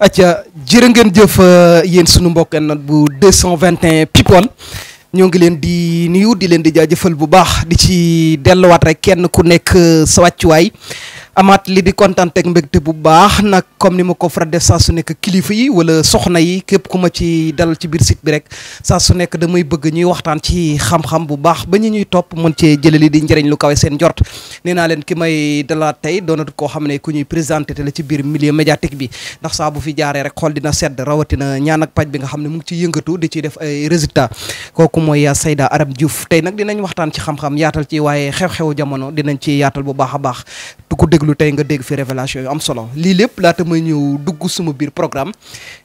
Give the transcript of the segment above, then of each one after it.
acca jërë ngeen jëf euh, yéen sunu mbokk nag bu 221 people ñoo ngi leen di nuyu di leen di jaajëfal bu baax di ci delluwaat rek kenn ku nekk euh, sa wàccuwaay amaat li di kontaan teg mbégte bu baax nag comme ni ma ko faral def saa su nekk kilifa yi wala soxna yi képp ku ma ci dalal ci biir site bi rek saa su nekk damay bëgg ñuy waxtaan ci xam-xam bu baax ba ñu ñuy topp mën cee jëlee li di njëriñ lu kawe seen njort nee naa leen ki may dalaat tey doonatu koo xam ne ku ñuy présenté la ci biir milieu médiatique bi ndax saa bu fi jaaree rek xool dina sedd rawatina ñaan paj bi nga xam ne mu ngi ciy yëngatu di ciy def ay résultats kooku mooy Seyda Arame Diouf tey nag dinañ waxtaan ci xam yaatal ci waaye xew-xewu jamono dinañ ci yaatal bu baax a baax ku déglu déglu tey nga dégg fi révélation yu am solo lii lépp laata may ñëw dugg suma biir programme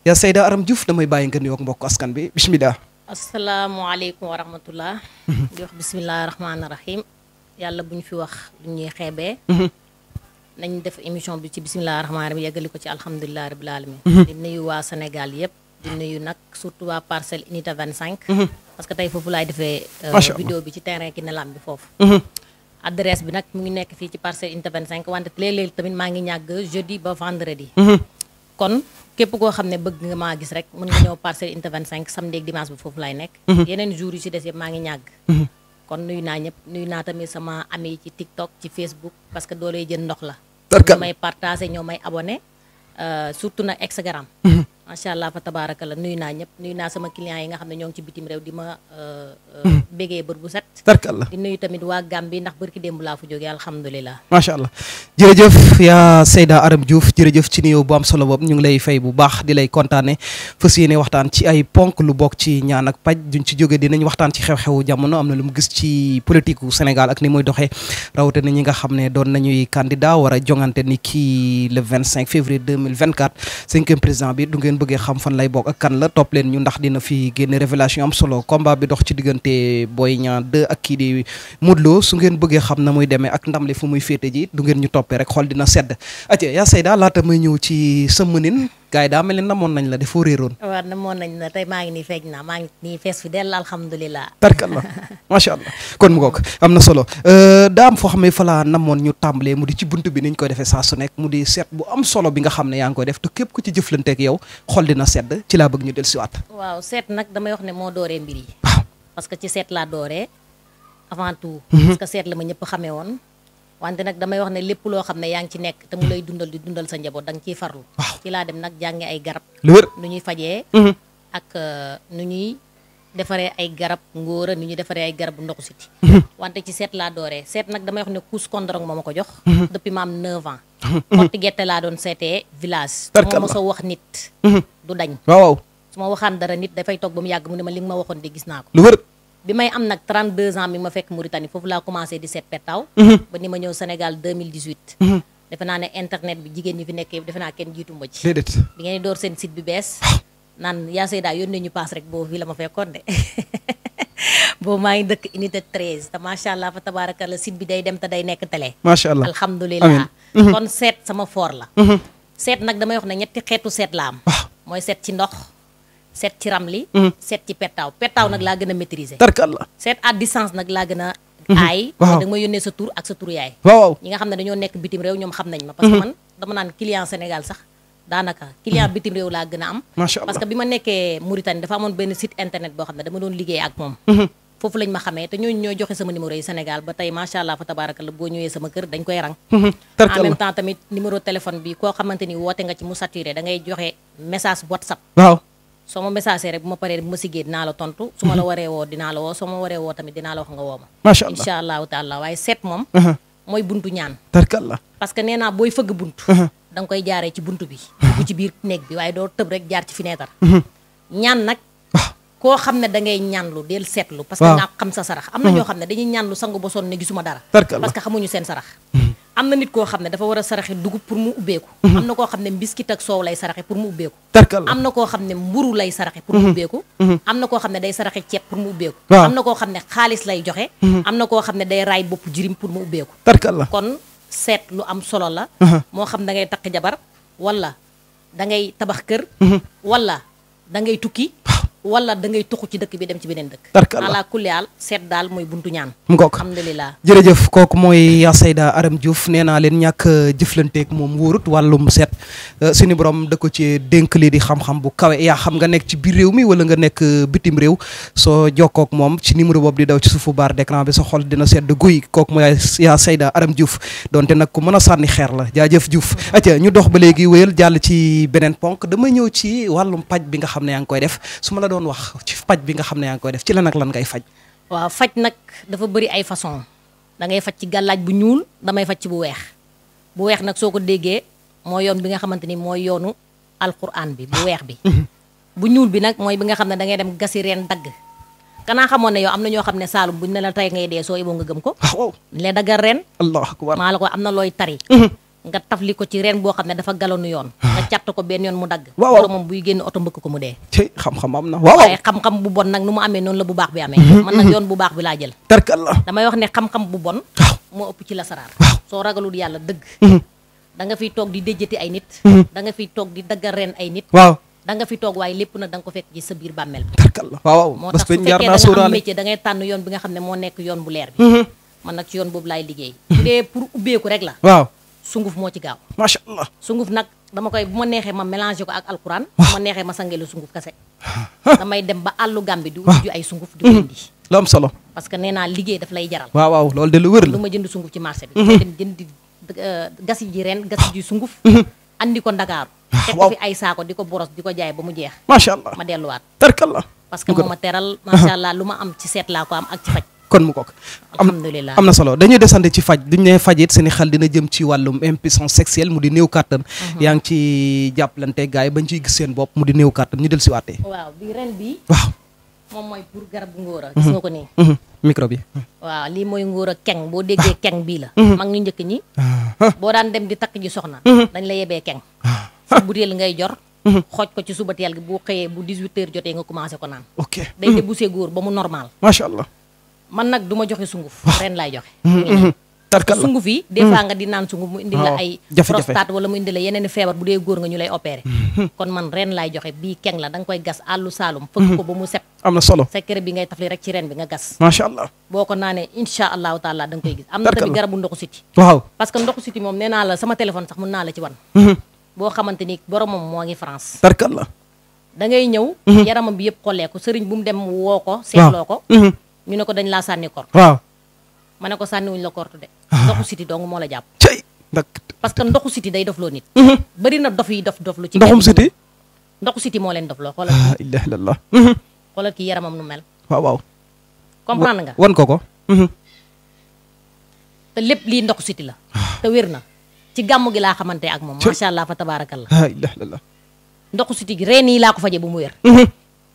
yaa Seyda Aram Diouf damay bàyyi nga nuyoog mbokk askan bi bismillah asalaamaaleykum wa rahmatullah mhm. di wax bisimilah rahmaani rahim yàlla bu ñu fi wax lu ñuy xeebee mhm. nañ def émission bi ci bisimilah rahmaani rahim yeggali ko ci alhamdulilah rabil alamin mhm. di nuyu waa Sénégal yëpp di nuyu nag surtout waa parcelle a vingt cinq parce que tey foofu adresse bi nag mu ngi nekk fii ci parcelle unité 25 wante léeg-léeg tamit maa ngi ñàgg jeudi ba vendredi. Mhm. kon képp koo xam ne bëgg nga maa gis rek mën nga ñëw parcelle unité 25 samedi ak dimanche bi foofu laay nekk. Mhm. yeneen jours yu si des yëpp maa ngi ñàgg. Mhm. kon nuyu naa ñëpp nuyu naa tamit sama ami yi ci TikTok ci Facebook parce que doo lay jën ndox la. ñoo may partagé ñoo may abonné euh, surtout nag Instagram. macha allah fa tabaaraka la nuyu naa ñëpp nuyu naa sama clients yi nga xam ne ñoo ngi ci bitim réew di ma euh, euh, bégee bër bu set tarkalla di nuyu tamit waa Gambie ndax bërki démb laa fu jógee alhamdulilah macha allah jërëjëf yaa Seyda Aram Diouf jërëjëf ci nuyoo bu am solo boobu ñu ngi lay fay bu baax di lay kontaane fas yéene waxtaan ci ay ponk lu bokk ci ñaan ak paj duñ ci jóge dinañ waxtaan ci xew-xewu jamono am na lu mu gis ci politique u Sénégal ak ni muy doxee rawatina ñi nga xam ne doon nañuy candidat war a jongante ni kii le 25 février 2024 cinquième président bi du ngeen ngeen bëggee xam fan lay bokk a kan la topp leen ñu ndax dina fi génne révélation am solo combat bi dox ci diggante Boy Niang 2 ak kii di Modou Lo su ngeen bëggee xam na muy demee ak ndam li fu muy féete ji du ngeen ñu toppee rek xool dina sedd atie yaa Seyda laata may ñëw ci sa gaay daa mel namoon nañ la defoo réeroon waaw namoon nañ la tey maa ngi nii fees fi dell macha allah kon mu ngoog am na solo euh, daa am foo xam ne fa laa namoon ñu tàmbalee mu di ci bunt bi ni niñ koy defee saa su nekk mu di seet bu am solo bi nga xam ne yaa ngi koy def te képp ku ci jëflanteeg yow xol dina sedd ci laa bëgg ñu del siwaat waaw seet nag damay parce que ci seet laa dooree avant tout mhm. parce seet la ma ñëpp xamee woon wante nag damay wax ne lépp loo xam ne yaa ngi ci nekk te mu lay dundal di dundal sa njaboot da nga ciy farlu waaw ci laa dem nag jànge ay garab lu wér nu ñuy fajee mhm. ak euh, nu ñuy defaree ay garab ngóora ni ñu defaree ay garab bu ndoxu siti wante ci seet laa dooree seet nag damay wax ne kuus kondorong moo ma ko jox depuis ma waxaan dara dafay toog ba mu yàgg mu ne ma li nga ma waxoon de gis naa ko bi may am nag 32 ans mi ma fekk Mauritanie foofu laa commencé di seet pettaaw ba ni ma ñëw Sénégal 2018 defe naa ne defe naa kenn jiitu ma ci déedéet bi ngeen di door seen site bi bees ah. naan yaa Seyda yónnee ñu paas rek boobu fii la ma fekkoon de boobu maa ngi dëkk unité 13 te macha allah fa tabaaraka la site bi day dem te day nekk télé. macha allah alhamdulilah mhm. kon seet sama foor la. Mhm. seet nag damay wax na ñetti xeetu seet la am. Ah. mooy seet ci ndox. seet ci ramli. Mhm. seet ci pettaaw pettaaw nag laa gën a maîtriser. tarkalla seet à distance nag laa gën a. aay waaw da yónnee sa tur ak sa tur yaay. ñi nga xam ne dañoo nekk bitim réew ñoom xam nañ ma. parce que man sax. daanaka client bitim réew laa gën a am. macha allah parce que bi ma nekkee Mauritanie dafa amoon benn site internet boo xam ne dama doon liggéey ak moom. Mhm. foofu lañ ma xamee te ñooñu ñooy joxe sama numéro yi Sénégal ba tey macha allah fa tabaarakallah boo ñëwee sama kër dañ mhm. joxe message WhatsApp waaw soo ma message rek bu ma paree bu ma siggee dinaa la tontu su ma la mhm. waree woo dinaa la woo soo ma waree woo tamit dinaa la wax nga woo ma allah waaye seet moom da nga koy jaaree ci bunt bi. dugg ci biir néeg bi waaye doo tëb rek jaar ci fenêtre. ñaan nag. Ah. koo xam ne da ngay ñaanlu del seetlu. parce que nga xam sa sarax. am na ñoo xam ne dañuy ñaanlu sangu ba sonn ne gisuma dara. parce que xamuñu seen sarax. am na nit koo xam ne dafa war a saraxe dugub pour mu ubbeeku am na koo xam ne mbiskit ak soow lay saraxe pour mu ubbeeku am na koo xam ne mburu lay saraxe pour mu ubbeeku am na koo xam ne day saraxe ceeb pour mu ubbeeku am na koo xam ne xaalis lay joxe am na koo xam ne day raay bopp jirim pour mu ubbeeku kon seet lu am solo la uh-huh. moo xam da ngay takk jabar wala dangay tabax kër uh-huh. wala dangay tukki wala da ngay tuxu ci dëkk bi dem ci beneen dëkk ala kulli aal seet daal mooy buntu ñaan mu ngoog alhamdulilah jërëjëf kooku mooy Seyda Aram Diouf nee naa leen ñàkk jëflanteeg moom wóorut wàllum seet euh, suñu borom da ko ci dénk lii di xam bu kawe yaa xam nga nekk ci biir réew mi wala nga euh, bitim réew soo jokkook moom ci numéro boobu di daw ci suufu baar d'écran bi sa xol dina sedd guy kooku mooy yaa Seyda Aram Diouf donte nag ku mën a sànni xeer la jaajëf Diouf mm-hmm. aca ñu dox ba léegi wéyal jàll ci beneen ponk dama ñëw ci wàllum paj bi nga xam ne yaa ngi koy def su ma la doon wax ci faj bi nga xam ne yaa ngi koy def ci lan ak lan ngay faj. waaw faj nag dafa bari ay façon dangay faj ci gàllaaj bu ñuul damay faj ci bu weex bu weex nag soo ko déggee mooy yoon bi nga xamante ni mooy yoonu alquran bi bu weex bi. bu ñuul bi nag mooy bi nga xam ne dangay ngay dem gasi reen dagg. kanaa xamoon ne yow am na ñoo xam ne Saalum buñ ne la tey ngay dee soo yeboo nga gëm ko. waaw le daggal ren. allah akbar maa la ko am na looy tari. Mm-hmm. nga tafli ko ci reen boo xam ne dafa galonu yoon nga càtt ko benn yoon mu dagg waaw loolu moom buy génn oto mbëkk ko mu dee xam-xam am na waaw la bu baax bi amee mm-hmm, man nag mm-hmm. yoon bu baax bi mm-hmm. da nga fiy toog di déjjati ay nit da nga fiy toog di daggal reen ay waaw moo tax su fekkee da tànn yoon bi nga xam ne moo nekk yoon bu leer bi man nag ci yoon boobu laay liggéey bu dee pour ubbeeku rek la sunguf moo ci gaaw. macha allah sunguf nag dama koy bu ma neexee ma mélangé ko ak alquran. Ah. bu ma neexee ma sangeelu sunguf kase. damay dem ba àllu Gàmbi di wut ju ay sunguf di ko ah. indi. Hmm. am solo. parce que nee naa liggéey daf lay jaral. waaw waaw loolu de lu wër la lu ma jënd sunguf ci marché bi. Hmm. dem jëndi euh, gas ji ren gasi ji sunguf. Hmm. andi ko Ndakaaru. waaw ah, teg ko fi ay saako di ko boros di ko jaay ba mu jeex. macha allah ma delluwaat. tarkalla. parce que moo ma teral macha allah lu ma am ci seet laa ko am ak faj. kon mu kook alhamdulilah am na solo dañuy desante ci faj duñ ne faj it seen i xel dina jëm ci wàllum impuissance sexuelle mu di néew kàttan mhm. yaa ngi ci jàppalante gars yi bañ ciy gis seen bopp mu di néew kàttan ñu del si waatee waaw bi ren bi waaw moom mooy pour garabu ngóora gis nga mhm. ko nii mhm. micro bi waaw lii mooy ngóora keng boo déggee ah. keng bii la mag ñu njëkk ñi ah. boo daan dem di takk ji soxna dañ la yebee keng ah. sa butéel ngay jor xooj ko ci suba teel gi bu xëyee bu 18 jotee nga commencé ko naan ok day débouché mu normal macha allah man nag du ma joxe sunguf ren laay joxe mm-hmm, mm-hmm. Mm-hmm. tarkal sunguf yi des nga di naan sunguf mu indi la ah, ay prostate wala mu indi la yeneen feebar bu dee góor nga ñu lay opéré kon man ren laay joxe bii keng la da koy gas àllu saalum fëgg ko ba mu set am na solo secret bi ngay tafli rek ci ren bi nga gas macha allah boo ko naanee incha allahu taala da nga koy gis am na tamit garabu ndoxu siti waaw parce ndoxu siti moom nee naa la sama téléphone sax mun ñu ne ko dañ laa sànni kort ma ne ko sànniwuñ la kort de ah. ndoxu siti dong moo la jàpp cay parce que ndoxu siti day dof loo nit mhm. bëri na dof yi dof dof lu ci ndoxum siti moo leen dof loo xoolal ah, ilaha illallah mhm. mhm. xoolal ki yaramam nu mel waaw ko ko te lépp lii ndoxu siti la ah. na ci gàmmu gi laa xamante ak laa ko faje bu mu wér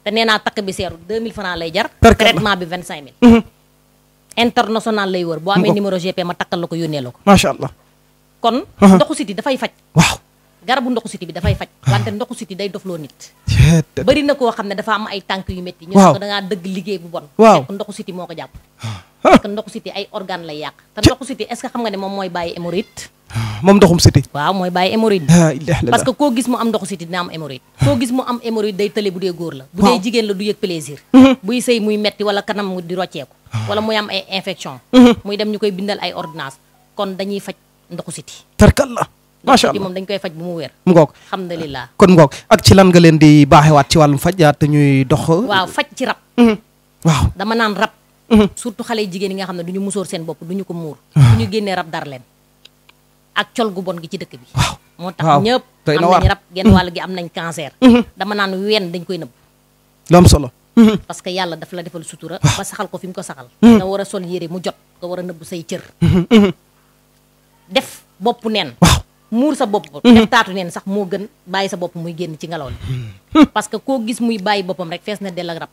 te nee naa takk bi seeru 2000 francs lay jar. traitement bi 25000. Mhm. international lay wër boo amee numéro GP ma takkal la ko yónnee la ko. macha allah. kon. Uh-huh. ndoxu siti dafay faj. waaw garabu ndoxu siti bi dafay faj. Uh-huh. wante ndoxu siti day dofloo nit. bari na koo xam ne dafa am ay tànk yu métti. ñu ne ko da dëgg liggéey bu bon. waaw ndoxu siti moo ko jàpp. Ah. fekk ah. ndoxu siti ay organe lay yàq. te ndoxu siti est xam nga ne moom mooy bàyyi hémorroïde moom ndoxum siti waaw mooy bàyyi hémorroïde ah, parce que koo gis mu am ndoxu siti dina am hémorroïde koo gis mu am hémorroïde day tële bu dee góor la bu dee jigéen la du yëg plaisir mhm. buy sëy muy metti wala kanam di rocceeku ah. wala muy am ay infection mhm. muy dem ñu koy bindal ay ordonnance kon dañuy faj ndoxu siti tarkal la macha allah moom dañ koy faj bu mu wér mu ngoog alhamdulilah kon ngoog ak ci lan nga leen di baaxewaat ci wàllum faj yaate ñuy dox waaw faj ci rab mhm. waaw dama naan rab surtout xale jigéen yi nga xam ne du ñu seen bopp du ñu ko muur ah. ñu génnee rab dar leen ak col gu bon gi ci dëkk bi. moo tax ñëpp. am nañ rab genn wàll gi am nañ cancer. Mhm. dama naan wen dañ koy nëbb. lu am solo. Mhm. parce que yàlla daf la defal sutura. ba saxal ko fi mu ko saxal. Mhm. nga war a sol yére mu jot nga war a nëbb say cër. def bopp neen. muur sa bopp. def taatu sax moo gën bàyyi sa bopp muy génn ci ngelaw li. parce que koo gis muy bàyyi boppam rek fees na dell a rab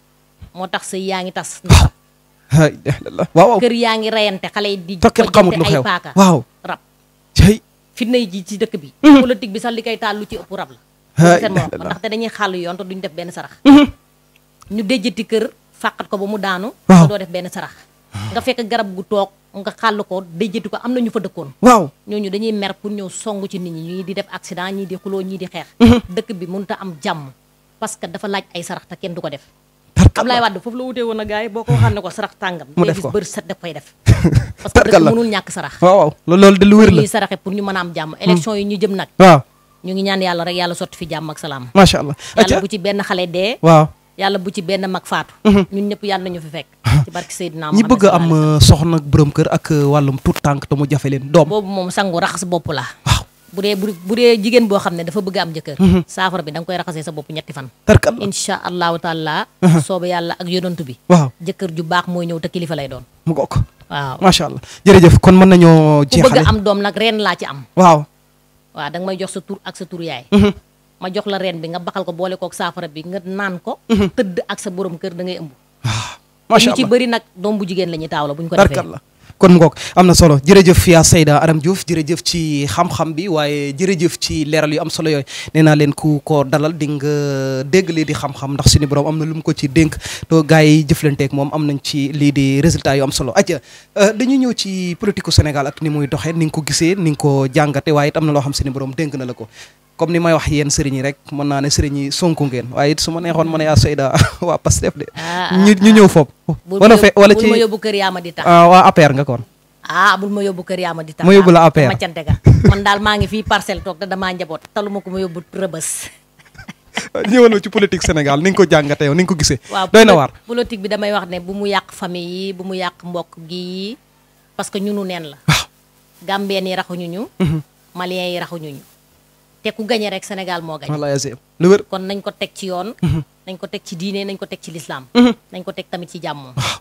moo tax sëy yaa ngi tas. waaw waaw kër yaa ngi reyante xale yi di. tokket xamut lu xew ay paaka fitna yi ji ci dëkk bi mm-hmm. politique bi sax li koy tàllu ci ëpp rab la seen morom dañuy xàll yoon te duñ def benn sarax mm-hmm. ñu déjjati kër fàqat ko ba mu daanu te doo def benn sarax nga fekk garab gu toog nga xàll ko déjjati ko am na ñu fa dëkkoon waaw ñooñu dañuy mer pour ñëw song ci nit ñi ñii di def accident ñii di xuloo ñii di xeex mm-hmm. dëkk bi mënut a am jàmm parce que dafa laaj ay sarax te kenn du ko def Ablaye Wade foofu la wutee woon a gars boo ko waxaan ne ko sarax tàngam. mu def ko bëri set da koy def. parce que dëkk ñàkk sarax. waaw waaw loolu de lu wér la ñuy saraxe pour ñu mën a am jàmm. Hmm. élection yi ñu jëm nag. waaw ñu ngi ñaan yàlla rek yàlla sotti fi jàmm ak salaam. yàlla bu ci benn xale dee. yàlla bu ci benn mag faatu. Hmm. ñun ñëpp yàlla nañu fi fekk. Hmm. ñi bëgg am uh, soxna borom kër ak uh, wàllum tuut tànk te mu jafe leen doom boobu moom sangu raxas bopp la ah. bu dee bu dee jigéen boo xam ne dafa bëgg am jëkkër mhm. saafara bi da nga koy raxasee sa bopp ñetti fan insha allahu taala mhm. sooba yàlla ak yonantu bi waaw jëkkër ju baax mooy ñëw te kilifa lay doon mu gokk waaw macha allah jërëjëf kon mën nañoo jeexale ku bëgg am doom nag reen laa ci am waaw waaw da nga may jox sa tur ak sa tur yaay mhm. ma jox la reen nga baxal ko boole kook saafara bi nga naan ko tëdd ak sa borom kër da ngay ëmb waaw ah, macha allah ñu nag doom bu jigéen la ñuy taaw la bu ñu ko defee kon mu ngoog am na solo jërëjëf yaa Seyda Adam Diouf jërëjëf ci xam-xam bi waaye jërëjëf ci leeral yu am solo yooyu nee naa leen ku ko dalal di nga dégg lii di xam-xam ndax suñu borom am na lu mu ko ci dénk to gars yi jëflanteeg moom am nañ ci lii di résultat yu am solo aja euh, dañuy ñëw ci politique Sénégal ak ni muy doxee ni nga ko gisee ni nga ko jàngate waaye it am na loo xam suñu borom dénk na la ko comme ni may wax yéen sëriñ yi rek mën naa ne sëriñ yi sonku ngeen waaye it su ma neexoon ma ne yaa Seyda waa Pastef de. Ah, ah, ñu ñëw ah. foofu. wala fe wala ci ma yóbbu kër yaa ma di tax. waa nga kon. ah bul ma yóbbu kër yaa ma di tax. ma daal maa ngi fii parcelle toog te damaa njaboot talu ma ko ma yóbbu rëbës. ñëwal ci politique Sénégal ni nga ko jàngate yow ni nga ko gisee. doy na waar politique bi damay wax ne bu mu yàq famille yi bu mu yàq mbokk gi yi parce que ñunu neen la. Gambien yi raxuñu ñu. Mhm. Malien yi raxuñu ñu te ku gañe rek Sénégal moo gañe lu wér kon nañ ko teg ci yoon mhm. nañ ko teg ci diine nañ ko teg ci lislaam mhm. nañ ko teg tamit ci jàmm ah.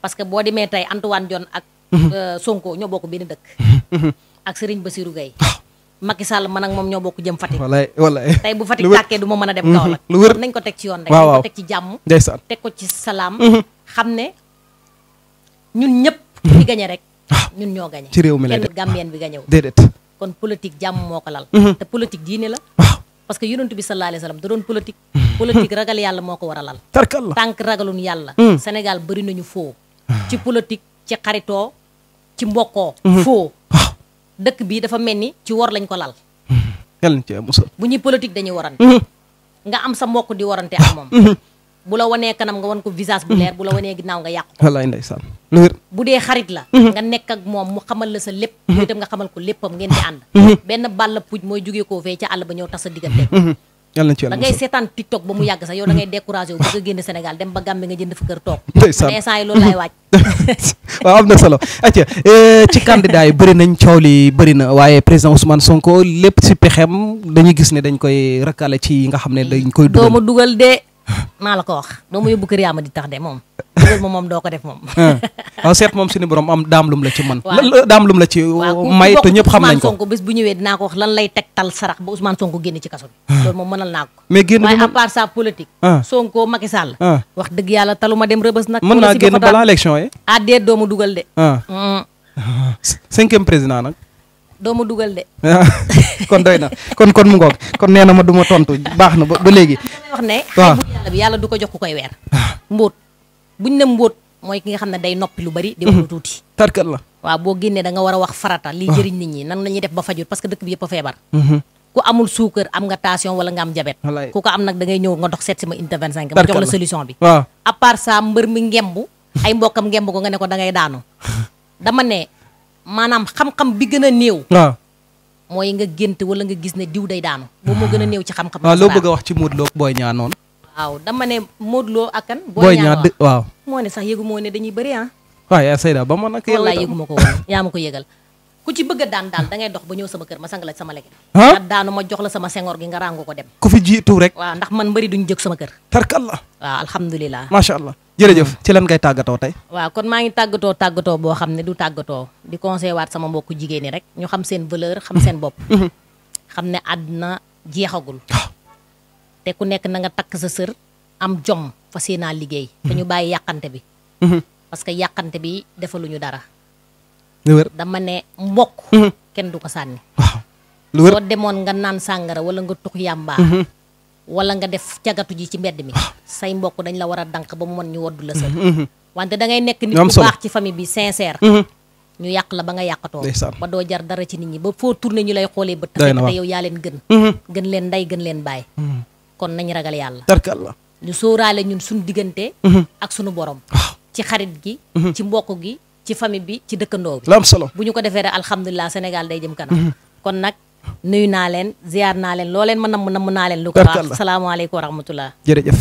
parce que boo demee tey Antoine Diome ak mhm. euh, Sonko ñoo bokk benn dëkk ak Serigne Bassirou Gueye ah. Macky Sall man ak moom ñoo bokk jëm Fatick wallaay wallaay tey bu Fatick tàkkee du mën a dem Kaolack lu wér nañ ko teg ci yoon rek nañ ko teg ci jàmm ndeysaan teg ko ci salaam xam ne ñun ñëpp ñi gañe rek ah. ñun ñoo gañe ci réew mi la kenn Gambien bi gañewul déedéet kon politique jàmm moo ko lal mhm. te politique diine la parce que yonent bi sallallahu alayhi wa sallam da doon politique mhm. politique ragal yàlla moo ko war a lal tarkalla tànk ragalun yàlla mhm. Sénégal bëri nañu foo ah. ci politique ci xaritoo ci mbokkoo foo dëkk bi dafa mel ni ci wor lañ ko lal bu ñuy politique dañuy warante nga am sa mbokk di warante ak bu la wanee kanam nga wan ko visage bu leer bu la hmm. wanee ginnaaw nga yàq ko wallaay ndeysaan lu wér bu dee xarit la hmm. nga nekk ak moom mu xamal la sa lépp hmm. yow itam nga xamal ko ba ñëw tax sa diggante yàlla na ba mu yàgg sax yow da ngay découragé wu bëgg a génn Sénégal dem ba Gambie na solo eh, li bëri na waaye président Ousmane Sonko lépp si pexem dañuy gis ne dañ koy rakkale ci nga xam ne dañ koy dugal doo dugal de maa la ko wax doo ma yóbbu kër yaa ma di tax de moom loolu moom moom doo ko def moom. seet ah. ah, moom suñu borom am daam lum la ci mën. waaw daam lum la ci may te ñëpp xam nañ ko bés bu ñëwee dinaa ko wax lan lay tegtal sarax ba Ousmane Sonko génn ci kaso bi. Ah. loolu moom mënal naa ko. mais génn waaye à part ça politique. Sonko Macky wax dëgg yàlla talu ma dem rëbës nag. mën naa génn balaa élection yi. ah déet doo ma dugal de. Mm. cinquième président nag. doo ma dugal de. kon doy na kon kon mu ngoog kon nee na ma du tontu baax na ba léegi. wax ne. waaw yàlla bi yàlla du ko jox ku koy weer. mbóot buñ ne mbóot mooy ki nga xam ne day noppi lu bari. di lu mhm. tuuti. tarkat la waaw boo génnee da war a wax farata. lii jëriñ nit ñi nan la ñuy def ba fajut parce que dëkk bi yëpp a feebar. Mhm. ku amul suukar am nga tension wala nga am jabet. ku ko am nag da ngay ñëw nga dox seet si ma unité 25. ma jox la solution bi. waaw à part da maanaam xam-xam bi gën a néew. waaw mooy nga gént wala nga gis ne diw day daanu. boobu moo gën a néew ci xam-xam. waaw loo bëgg a wax ci Modou Lo Boy Niang noonu. waaw dama ne Modou Lo ak kan. Boy Niang waaw moo ne sax yëgu moo ne dañuy bëri ah. waaw yaa ba ma nag. yow wallaay yëgu ma ko woon yaa ma ko yëgal. ku ci bëgg a daan daal da dox ba ñëw sama kër ma sang la sama lekk ah daanu ma jox la sama sengoor gi nga ràngu ko dem ku fi jiitu rek waa ndax man mbëri duñ jëg sama kër tarkalla waaw alhamdulilah macha allah jërëjëf ci lan ngay tàggatoo tey waaw kon maa ngi tàggatoo tàggatoo boo xam ne du tàggatoo di conseil waat sama mbokku jigéen ñi rek ñu xam seen valeur xam seen bopp mhm. xam ne àdduna jeexagul ah. te ku nekk na nga takk sa sër am jom fa fas naa liggéey te mhm. ñu bàyyi yàqante bi mhm. parce que yàqante bi defaluñu dara dama ne mbokk kenn du ko sànni waaw soo demoon nga naan sàngara wala nga tux yàmbaa wala nga def cagatu ji ci mbedd mi ah. say mbokk dañ la war a dànk ba mu mën ñu waddu la sa mm-hmm. wante da ngay nekk nit ku baax ci famille bi sincère mm-hmm. ñu yàq la ba nga yàqatoo ba doo jar dara ci nit ñi ba foo tourné ñu lay xoolee ba tax te yow yaa leen gën mm-hmm. gën leen nday gën leen bàyyi kon nañ ragal yàlla ñu sóoraale ñun suñu diggante ak suñu borom ah. ci xarit gi ci mbokk gi ci famille bi ci dëkkandoo bi bu ñu ko defee rek alhamdulilah Sénégal day jëm kanam kon nag nuyu naa leen ziar naa loo leen ma namm namm naa leen lu ko baax salaamaaleykum wa jërëjëf